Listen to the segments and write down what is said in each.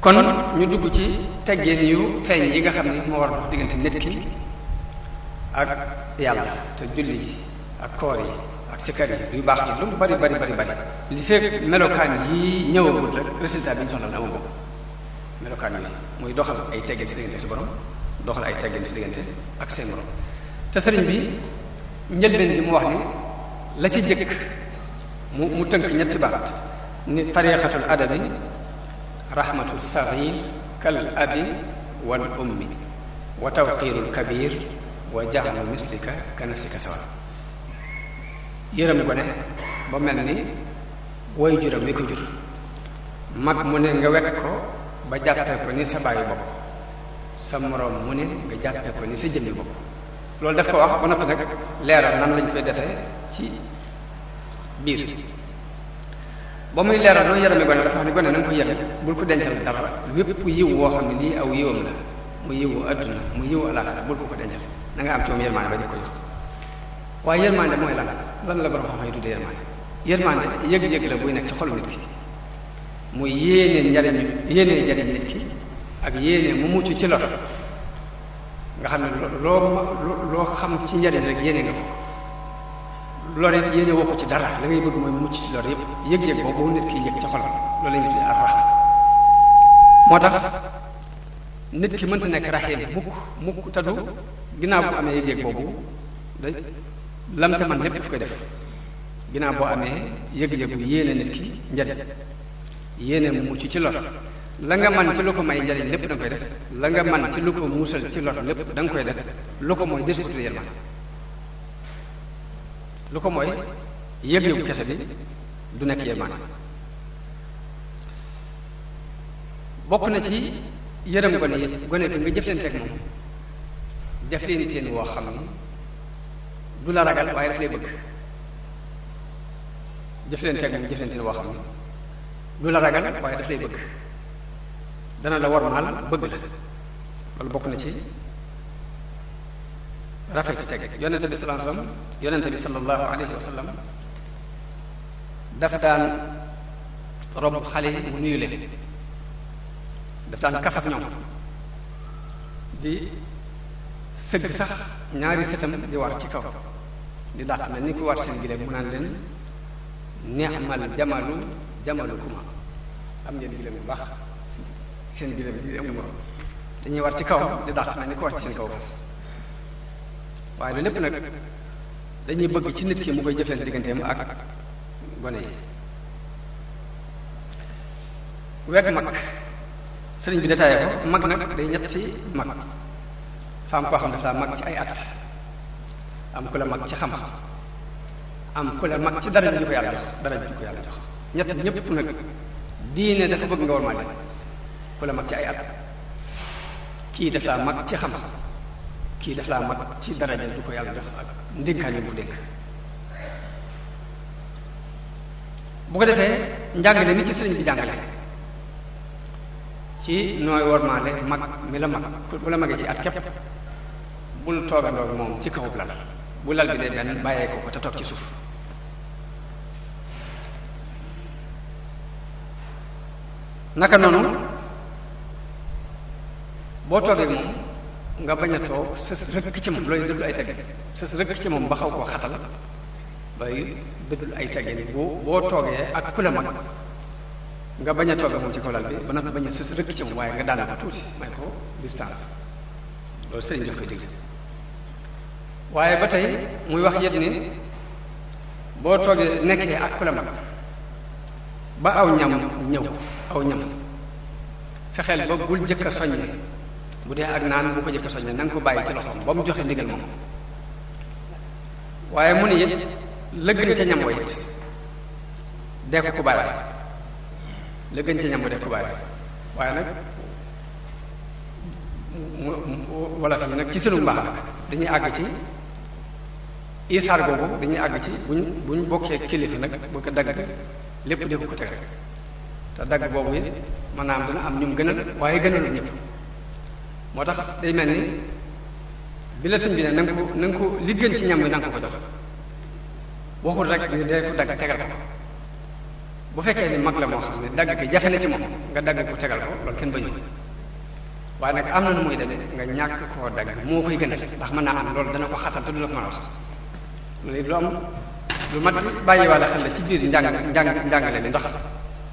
kon ñu dugg ci teggeen yu feeñ yi nga xam ne moo war dox diggante nit ki ak yàlla te julli yi ak koor yi ak sikar yi yu baax yi lu mu bari bari bari li fekk melokaan yi ñëwagul rek résultat bi ñu soxla amagu ko melokaan yooyu muy doxal ay teggin si diggante si borom doxal ay teggin si diggante ak seen borom te sëriñ bi njëlbeen bi mu wax ni la ci jëkk mu mu tënk ñetti baat ni tariixatul adabi رحمة الصغير كالأب والأم وتوقير الكبير وجعل مثلك كنفسك سواء يرمي قناه بمني ويجر ميكجر مك مني نغوكو بجابتكو نيسا باي بوك سمرو مني بجابتكو نيسا جمي بوك لول دفكو أخبنا فنك ليرا نان لنفيدة تي بير ba muy leeral noonu yarami gone dafa xam ne gone na nga ko yare bul ko dencal dara wépp yiw woo xam ne lii aw yiwam la mu yiwu adduna mu yiwu la bul ko ko dencal da am ci moom yërmaande ba di ko jox waaye yërmaande mooy lan lan la borom xam-xam yi tuddee yërmaande yërmaande yëg-yëg la buy nekk ci xolu nit ki mu yéenee njariñ yéenee jariñ nit ki ak yéenee mu mucc ci lor nga xam ne loo loo xam ci njariñ rek yéene nga lor it yéene woo ko ci dara la ngay bëgg mooy mucc ci lor yëpp yëg-yëg boobu nit ki yëg ci xolam loolu la ñuy tuddee arrahma moo tax nit ki mënta nekk raxiim mukk mukk tadu amee yëg-yëg boobu da lam koy def ginnaaw boo amee yëg-yëgu yéene nit ki njariñ yéene mucc ci lor la nga man ci lu ko may njariñ lépp da nga koy def la nga man ci lu ko muusal ci lor lépp da nga koy def lu ko mooy desutul yërmaan lu ko mooy yëg-yëgu kese bi du nekk yërmaane bokk na ci yërëm gone yi gone bi nga jëflanteeg moom def leen teen woo xam ne du la ragal waaye daf lay bëgg jëflanteeg moom jëflanteen woo xam ne du la ragal waaye daf lay bëgg dana la war maal bëgg la loolu bokk na ci rafet ci teg yonente bi sallallahu alayhi wa sallam yonente bi sallallahu alayhi wa sallam daf daan rob xale yi mu nuyu leen daf daan kaf ak ñoom di sëgg sax ñaari sëtam di war ci kaw di dàq mel ni ku war seen gileem mu naan leen neexmal jamalu jamalu kuma am ngeen gileem bu baax seen gileem bi amul morom dañuy war ci kaw di dàq mel ni ku war ci seen kaw fas waaye loolu lépp nag dañuy bëgg ci nit ki mu koy jëfleen digganteem ak gone yi weg mag sëriñ bi détaillé ko mag nag day ñetti mag faam koo xam dafa mag ci ay at am ku la mag ci xam am ku la mag ci dara ñu ko yàlla jox dara ñu ko yàlla jox ñett ñëpp nag diine dafa bëgg nga war maa ku la mag ci ay at kii dafa mag ci xam-xam kii daf laa mat ci daraja du ko yàlla jox ak ndénkaan yi bu ko defee njàngale mi ci sëriñ bi jàngale ci nooy wormaale mag mi la mag bu la magee ci at képp bul toogandoog moom ci kawub lal bu lal bi dee benn bàyyee ko ko ci suuf naka noonu boo toogee moom nga bañ a toog sës rëkk ci moom looy dëddul ay teggin sës rëkk ci moom ba xaw koo xatal bay dëddul ay teggin boo boo toogee ak ku mag nga bañ a toogee moom ci kaw lal bi ba nag a sës rëkk ci moom waaye nga ko distance loolu ba tey muy wax yëpp ni boo toogee nekkee ak ku mag ba aw ñam ñëw aw ñam fexeel ba bul jëkk a bu dee ak naan bu ko jëkk soññe na ko bàyyi ci loxoom ba mu joxe ndigal moom waaye mu ni it lëggën ca ñam wa it dee ko ku bàyyi lëggën ca ñam wa dee ko bàyyi waaye nag mu wala fi nag ci sunu mbaax dañuy àgg ci isaar googu dañuy àgg ci buñ buñ bokkee kilifa nag bu ko dagg lépp dee ko ko teg te dagg boobu it maanaam dana am ñum gënal waaye gënalu ñëpp moo tax day mel ni bi la sëñ bi ne na ko na ko li gën ci ñam wi na ko ko ko dagg tegal ko bu fekkee ni mag la moo xam ne dagg gi jafe na ci moom nga dagg ko tegal ko loolu nag am na nu muy demee nga ñàkk koo dagg moo koy gënal ndax mën naa am loolu dana ko xatal te du la a wax loolu am lu mat bàyyiwaale xel la ci biir njàng njàng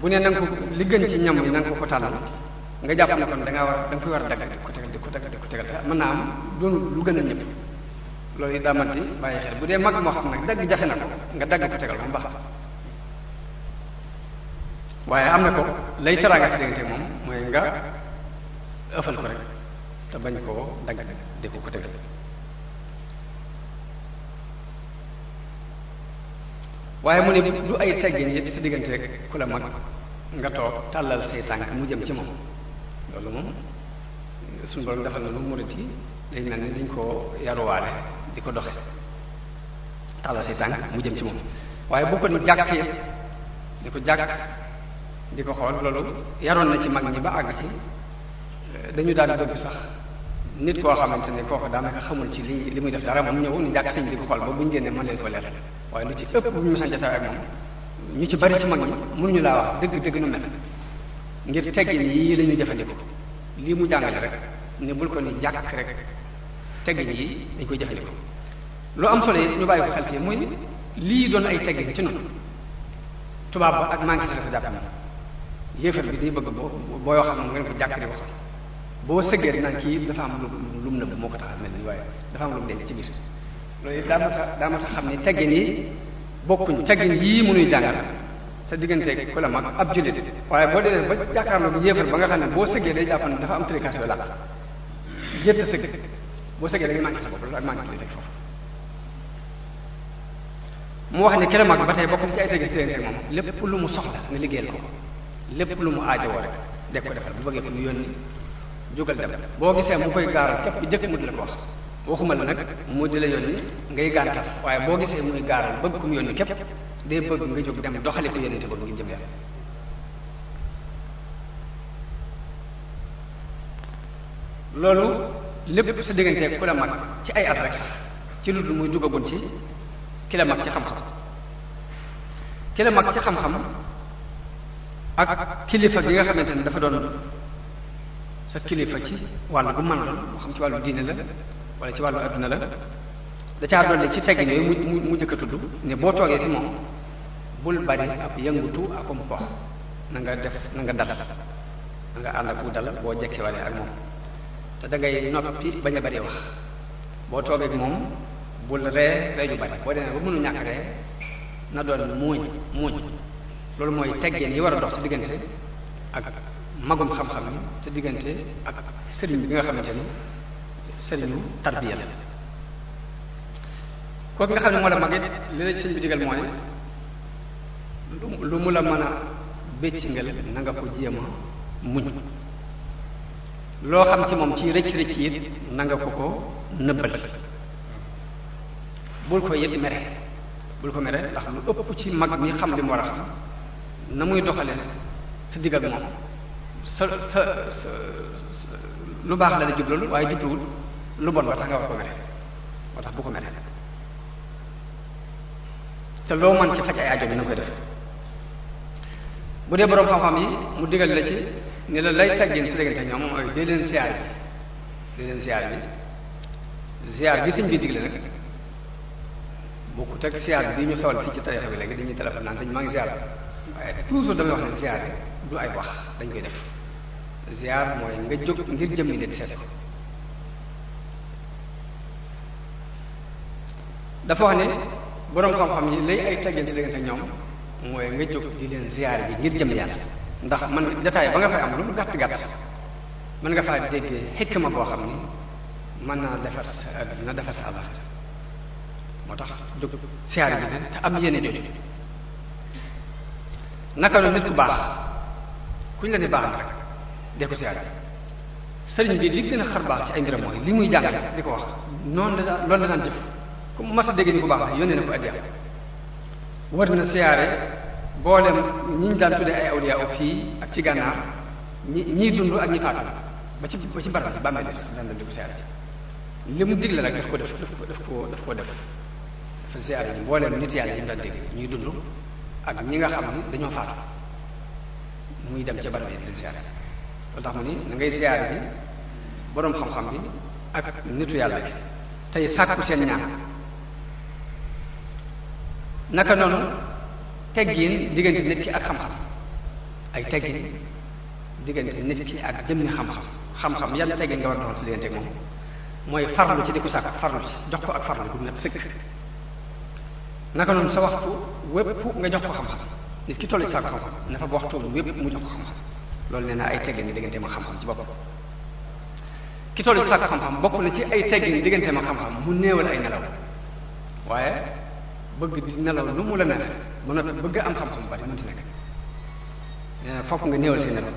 bu ne na ko li gën ci ñam yi na ko ko tànnal nga jàpp na kon da ngaa war da nga koy war a dagg di ko tegal di ko dagg di ko tegal mën naa am doon lu gën a ñëpp loolu it daa bàyyi xel bu dee mag moo xam nag dagg jafe na ko nga dagg ko tegal moom baax waaye am na ko lay teraanga si moom mooy nga ëffal ko rek te bañ koo dagg di ko ne du ay teggin it si diggante rek ku la mag nga toog tàllal say tànk mu jëm ci moom loolu moom suñu borom defal na lu mu murit yi day mel ni dañ koo yaruwaale di ko doxe tàllal say tànk mu jëm ci moom waaye bu ko ni jàkk yëpp di ko jàkk di ko xool loolu yaroon na ci mag ñi ba àgg ci eh, dañu daan bëgg sax nit koo xamante ne kooku daanaka xamul ci li li muy def dara moom ñëw ñu jàkk sëñ di ko xool ba bu ñu génnee mën leen ko leer waaye lu ci ëpp bu ñu mësan ak moom ñu ci bari ci mag ñi mënuñu laa wax dëgg dëgg nu mel ngir teggin yii lañuy ñuy jëfandikoo lii mu jàngale rek ne bul ko ni jàkk rek teggin yi dañ koy jëfandikoo loo am solo it ñu bàyyi ko xel muy lii doon ay teggin ci noonu tubaab ba ak manqué si la ko jàpp yéefar bëgg boo boo yoo xam ngeen ko jàkk di wax boo sëggee dinaan kii dafa am lu lum nëbb moo ko tax mel ni waaye dafa am lu mu denc ci biir loolu daa ma tax daa ma tax xam ne teggin yi bokkuñ teggin yii munuy jàngal sa digganteeg ku la mag ab jullit waaye boo dee ba jàkkaarloo yéefar ba nga xam ne boo sëggee day jàpp ne dafa am tricas yooyu làq jër sa sëgg boo sëggee da ngay manqué sa bopp loolu ak manqué li teg foofu mu wax ne kere mag ba tey bokk na ci ay teg seen moom lépp lu mu soxla nga liggéeyal ko lépp lu mu aajowoo rek deg ko defal bu bëggee ko mu yónni jógal dem boo gisee mu koy gaaral képp jëkk mu di la ko wax waxuma la nag mu di la yónni ngay gàntal waaye boo gisee muy gaaral bëgg ko mu yónni képp day bëgg nga jóg dem doxale ko yonente ba ngir jëm yàlla loolu lépp sa diggante ku la mag ci ay at sax ci lu dul muy dugagun ci ki la mag ci xam-xam ki la mag ci xam-xam kilifa gi nga xamante ne dafa doon kilifa ci wàllu gu mën ci wàllu diine la wala ci wàllu adduna la da caa dolli ci teggin yooyu mu mu mu njëkk ne boo toogee fi moom bul bari ab yëngutu akum pox na nga def na nga dal nga ànd ak dal boo jekkiwale ak moom te da ngay noppi bañ bari wax boo toogeeg moom bul ree ree ju bari boo demee ba mënu ñàkk ree na doon muuñ muuñ loolu mooy teggeen yi war dox si diggante ak magum xam-xam yi si diggante ak sëriñ bi nga xamante ni sëriñu tarbiya la kooku nga xam ne la mag li la sëñ bi digal mooy lu lu mu la mën a béccingal na nanga ko jéem muñ loo xam ci moom ci rëcc rëcc it na nga ko ko nëbbal bul ko it mere bul ko mere ndax lu ëpp ci mag mi xam li mu war a xam na muy doxale sa digg ak moom sa sa sa lu baax la la jublool waaye jubluwul lu bon ba tax nga war ko mere moo tax bu ko mere te loo man ci faj ay aajo bi na koy def bu dee boroom xam-xam yi mu digal la ci ni la lay teggin si diggante ñoom moom mooy dee leen siyaar bi dee leen siyaar bi siyaar bi digle nag bokkut ak siyaar bi ñu xewal fii ci tarixa bi léegi dañuy téléphone naan sëñ maa ngi siyaar waaye toujours damay wax ne siyaar du ay wax dañ koy def ziar mooy nga jóg ngir jëmmi nit seet ko dafa wax ne boroom xam-xam yi lay ay teggante diggante ñoom mooy nga jóg di leen ziyaar ji ngir jëm yàlla ndax man jataay ba nga fay am lu mu gàtt gàtt mën nga faa déggee xikma boo xam ni mën naa defar sa àddina defar sa àllaxira moo tax jóg ziyaar ji leen te am yéene jooju naka noonu nit ku baax kuñ la ne baax na rek dee ko ziyaar sëriñ bi li gën a xar baax ci ay mbiram mooy li muy jàngale di ko wax noonu la loolu la daan jëf ku mas a dégg ni ku baax la yónnee na ko addiya wër na siyaare boolem ñi ñu daan tuddee ay awliya fii ak ci gànnaar ñi ñiy dund ak ñi faatu ba ci ba ci barab bi bàmmeel bi sax daan dem di mu def ko daf ko ko def dafa siyaare ji mbooleem nit yi mu daan dégg ñuy dund ak ñi nga xam ne dañoo faatu muy dem ca barab yi di leen siyaare loolu tax mu ni na ngay siyaare bi boroom xam-xam bi ak nitu yàlla bi tey sàkku seen ñaan naka noonu teggin diggante nit ki ak xam-xam ay teggin diggante nit ki ak jëmmi xam-xam xam-xam yan teggin nga war a si diggante moom mooy farlu ci di ko sàkk farlu ci jox ko ak farlu gu mat sëkk naka noonu sa waxtu wépp nga jox ko xam-xam nit ki toll ci sàkk xam-xam na fa loolu nee naa ay teggin ni diggante ma ci boppam ki ci sàkk xam-xam bokk na ci ay teggin diggante ma xam-xam mu néewal ay nelaw waaye bëgg di nelaw nu mu la neex ba noppi bëgg am xam-xam bari mënti nekk eh, fokk nga néewal say nelaw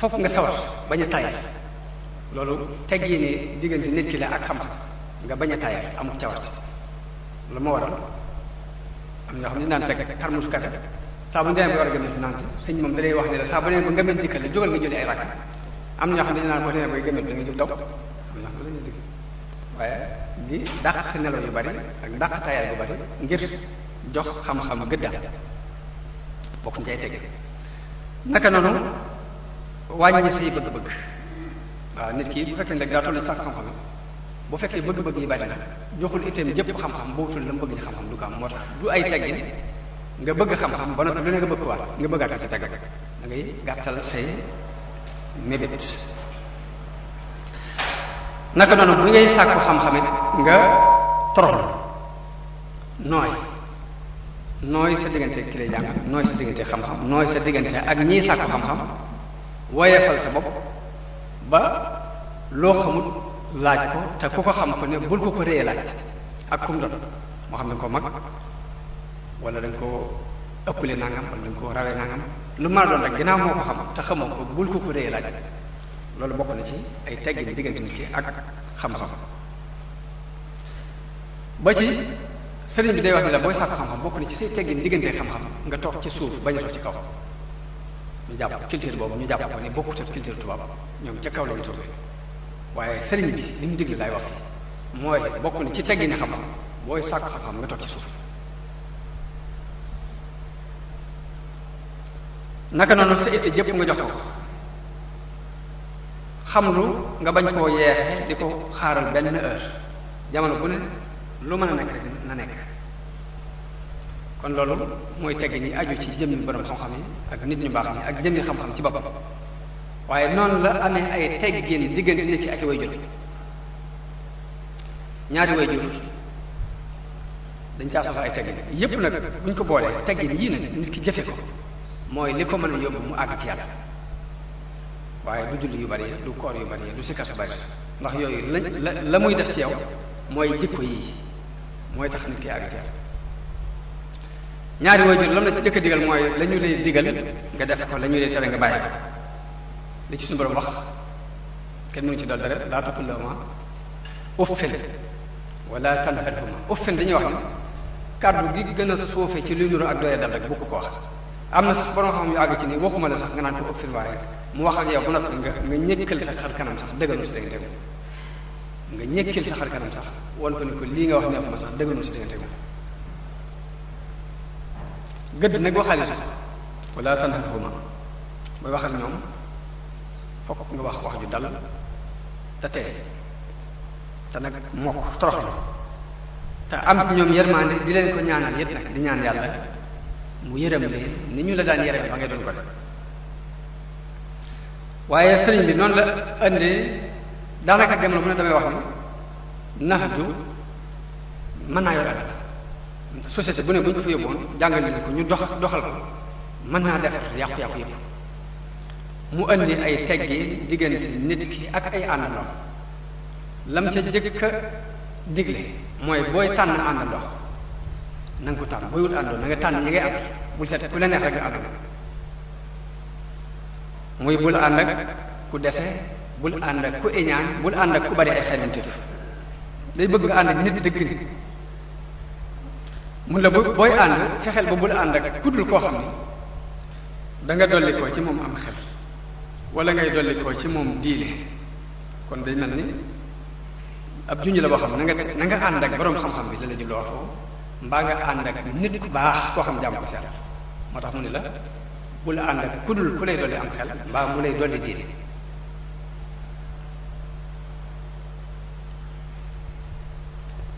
fokk nga sawar bañ a tayal loolu teggii ne diggante nit ki la ak xam-xam nga bañ a tayal amul cawarte lu ma waral am ñoo xam ne naan teg tarmus kafe saa bu ñu demee ba war a gëmmet naan ci sëñ moom da wax ne la saa bu nee ba ngëmmet dikkal la jógal nga jëlee ay rakk am ñoo xam ne naan boo demee bay gëmmet da nga jóg daw waaye di dàq nelaw yu bari ak dàq tayaay bu bari ngir jox xam-xam gëddaam bokk njay tege naka noonu wàññi say bëgg-bëgg waaw nit ki bu fekkee ne daa toll sax xam-xam bu fekkee bëgg-bëgg yi bari na joxul itam jëpp xam-xam bootul la mu bëgg ci xam-xam du ko am moo tax du ay teggin nga bëgg xam-xam ba noppi lu ne nga bëgg ko waat nga bëggaat ko ca tegal da ngay gàttal say mébét naka noonu bu ngay sàkku xam-xamit nga toroxlu nooy nooy sa diggante ki lay jàng nooy sa diggante xam-xam nooy sa diggante ak ñiy sàkku xam-xam woyefal sa bopp ba loo xamut laaj ko te ku ko xam ko ne bul ko ko réye laaj ak kum doon moo xam ne koo mag wala dañ ko ëppale nangam wala dañ ko rawee nangam lu ma doon rek ginnaaw moo ko xam te xamoo ko bul ko ko réye laaj loolu bokk na ci ay teggin diggante nit ki ak xam-xam ba ci sëriñ bi day wax ni la booy sàkk xam-xam bokk na ci say teggin diggante xam-xam nga toog ci suuf bañ a toog ci kaw ñu jàpp culture boobu ñu jàpp ko ni bokkut ak culture ñoom ca kaw lañu turbee waaye sëriñ bi li mu digle laay mooy bokk na ci teggin xam-xam booy sàkk nga toog ci suuf naka noonu sa itte jëpp nga jox ko xam lu nga bañ koo yeexe di ko xaaral benn heure jamono bu ne lu mën a nekk na nekk kon loolu mooy tegg ni aju ci jëmmi borom xam-xam yi ak nit ñu baax ñi ak jëmmi xam-xam ci boppam waaye noonu la amee ay teggin diggante nit ki ak way jur ñaari way jur dañ caa soxla ay teggin yépp nag buñ ko boolee teggin yii nag nit ki jëfe ko mooy li ko mën a yóbbu mu àgg ci yàlla waaye du julli yu bari du koor yu bari du sikar su bari ndax yooyu la la muy def ci yow mooy jikko yi mooy tax nit ki àgg ci ñaari waajur lam la ci jëkk digal mooy la ñu lay digal nga def ko la ñu lay tere nga bàyyi ko li ci suñu borom wax kenn mënu ci dal dara laa taqul lahumaa uffin wala tanharhumaa uffin dañuy wax kàddu gi gën a suufe ci luy nuru ak doye dal rek bu ko wax am na sax borom xam yu àgg ci ni waxuma la sax nga naan ko mu wax ak yow bu noppi nga nga ñëkkal sa xar kanam sax dëggalu si dégg tegu nga ñëkkal sa xar kanam sax wan ko ni ko lii nga wax neexu sax dëggalu si dégg tegu gëdd nag waxaale sax wala tanhahuma booy wax ak ñoom fokk nga wax wax ju dal te tey te nag mokk toroxlu te am ñoom yërmaande di leen ko ñaanal yët nag di ñaan yàlla mu yërëm leen ni ñu la daan yërëm ba ngay doon ko def waaye sëriñ bi noonu la indi daanaka jamono mu ne damay wax ni nax du mën naa yor alal société bu ne bu ñu ko fa yóbboon jàngal nañ ko ñu dox doxal ko mën naa defar yàqu-yàqu yëpp mu indi ay teggi diggante nit ki ak ay àndandoo lam ca jëkk a digle mooy booy tànn àndandoo na nga ko tànn booy wut àndandoo na nga tànn ñi ngay ànd bul seet ku la neex muy bul ànd ak ku dese bul ànd ak ku iñaan bul ànd ak ku bari ay xelanteef day bëgg nga ànd ak nit dëgg ni mun la bu booy ànd fexeel ba bul ànd ak ku dul koo xam ni da nga dolli koo ci moom am xel wala ngay dolli koo ci moom diine kon day mel ni ab junj la boo xam na nga na nga ànd ak boroom xam-xam bi la la jubloo foofu mbaa nga ànd ak nit ku baax koo xam jàmm ko moo tax mu ni la bu la ànd ak ku dul ku lay dolli am xel mbaa mu lay dolli diine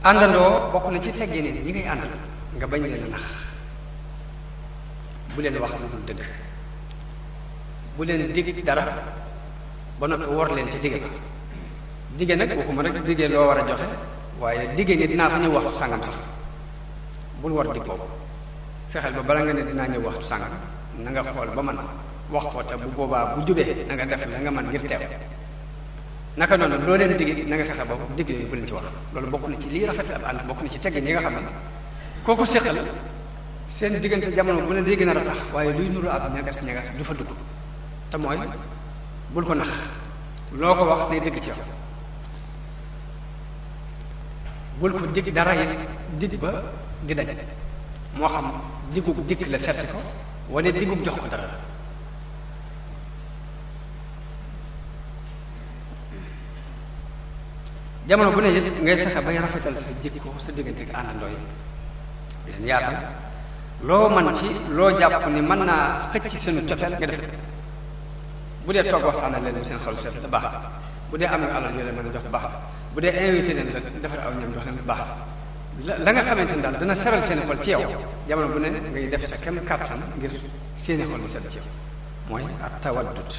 àndandoo bokk na ci teggin nit ñi ngay àndal nga bañ leen nax bu leen wax lu dul dëgg bu leen dig dara ba noppi woor leen ci dige ba dige nag waxuma rek dige loo war a joxe waaye dige ni dinaa fa ñëw waxtu sàngam sax bul war dig boobu fexeel ba bala nga ne dinaa ñëw waxtu sàngam nanga nga xool ba man wax ko te bu boobaa bu jubee na nga def la nga man ngir teew naka noonu loo leen digit na nga fexe ba digg yooyu bu leen ci wax loolu bokk na ci lii rafet ab ànd bokk na ci teggin yi nga xam ne kooku séqal seen diggante jamono bu ne day na a ratax waaye luy nuru ab ñagas ñagas du fa dugg te mooy bul ko nax loo ko wax day dëgg ci yow bul ko dig dara yi dig ba di dañ moo xam diggu dikk la seetsi ko wane digub jox ko dara jamono bu ne it ngay fexe bay rafetal sa jikko sa diggante ak àndandoo yi leen yaatal loo man ci loo jàpp ni mën naa xëcc seenu cofeel nga def bu dee toog waxtaana leen bu seen xol seet baax bu dee am alal yoo leen mën a jox baax bu dee invité leen la defar aw ñam jox leen baax la nga xamante ni daal dana saral seen xol ci yow jamono bu ne ngay def sa kem kàttan ngir seen xol di sal ci yow mooy at tawaddut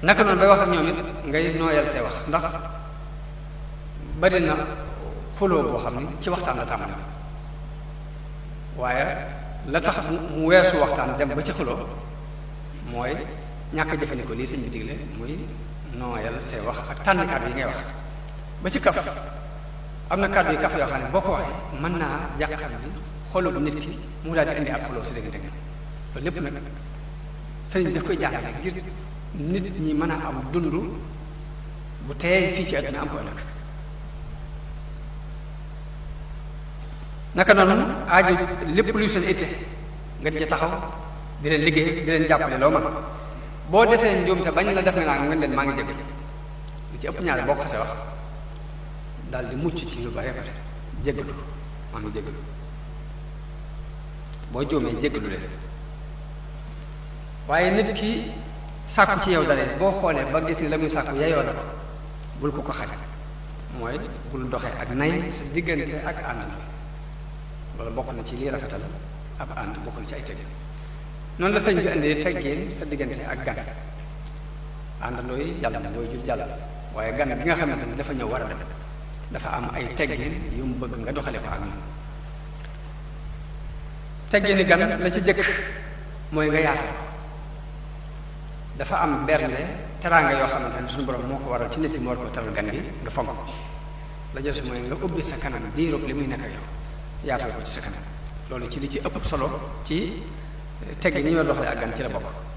naka noonu bay wax ak ñoom it ngay nooyal say wax ndax bari na xuloo boo xam ni ci waxtaan la tàmbali waaye la tax mu weesu waxtaan dem ba ci xuloo mooy ñàkk jëfandikoo lii sëñ bi digle muy nooyal say wax ak tànn kàddu yi ngay wax ba ci kaf am na kàddu yi kaf yoo xam ne boo ko waxee mën naa jàqal bi xolub nit ki mu daal di indi ak xoloo si dégg-dégg nag sëriñ daf koy jàngale ñi mën a am bu teey fii ci àdduna am ko ëllëg naka noonu aaju lépp luy seen itte nga di ci taxaw di leen liggéey di leen jàppale loo man boo defee njuumte bañ la def nga naa nga leen maa ngi jëkk li ci ëpp ñaare boo ko xasee wax daal di mucc ci lu bare bare jéggalu maa ngi jéggalu boo juumee jéggalu leen waaye nit ki sàkku ci yow dara boo xoolee ba gis ni la muy sàkku yeyoo na bul ko ko xaj mooy bul doxee ak nay sa diggante ak ànd bi loolu bokk na ci lii rafetal ab ànd bokk na ci ay tëgg noonu la sëñ bi indee teggeen sa diggante ak gan àndandooy jàll na dooy jur jàll waaye gan bi nga xamante ni dafa ñëw war a dem dafa am ay teggin yu mu bëgg nga doxale ko ak ñun teggini gan la ca jëkk mooy nga yaatal ko dafa am bernde teraanga yoo xamante ne suñu borom moo ko waral ci nit yi moo war ko teral gan yi nga fonk ko la jos mooy nga ubbi sa kanam diirub li muy nekk yow yaatal ko ci sa kanam loolu ci li ci ëpp solo ci teggin ni ñoo war doxale ak gan ci la bokk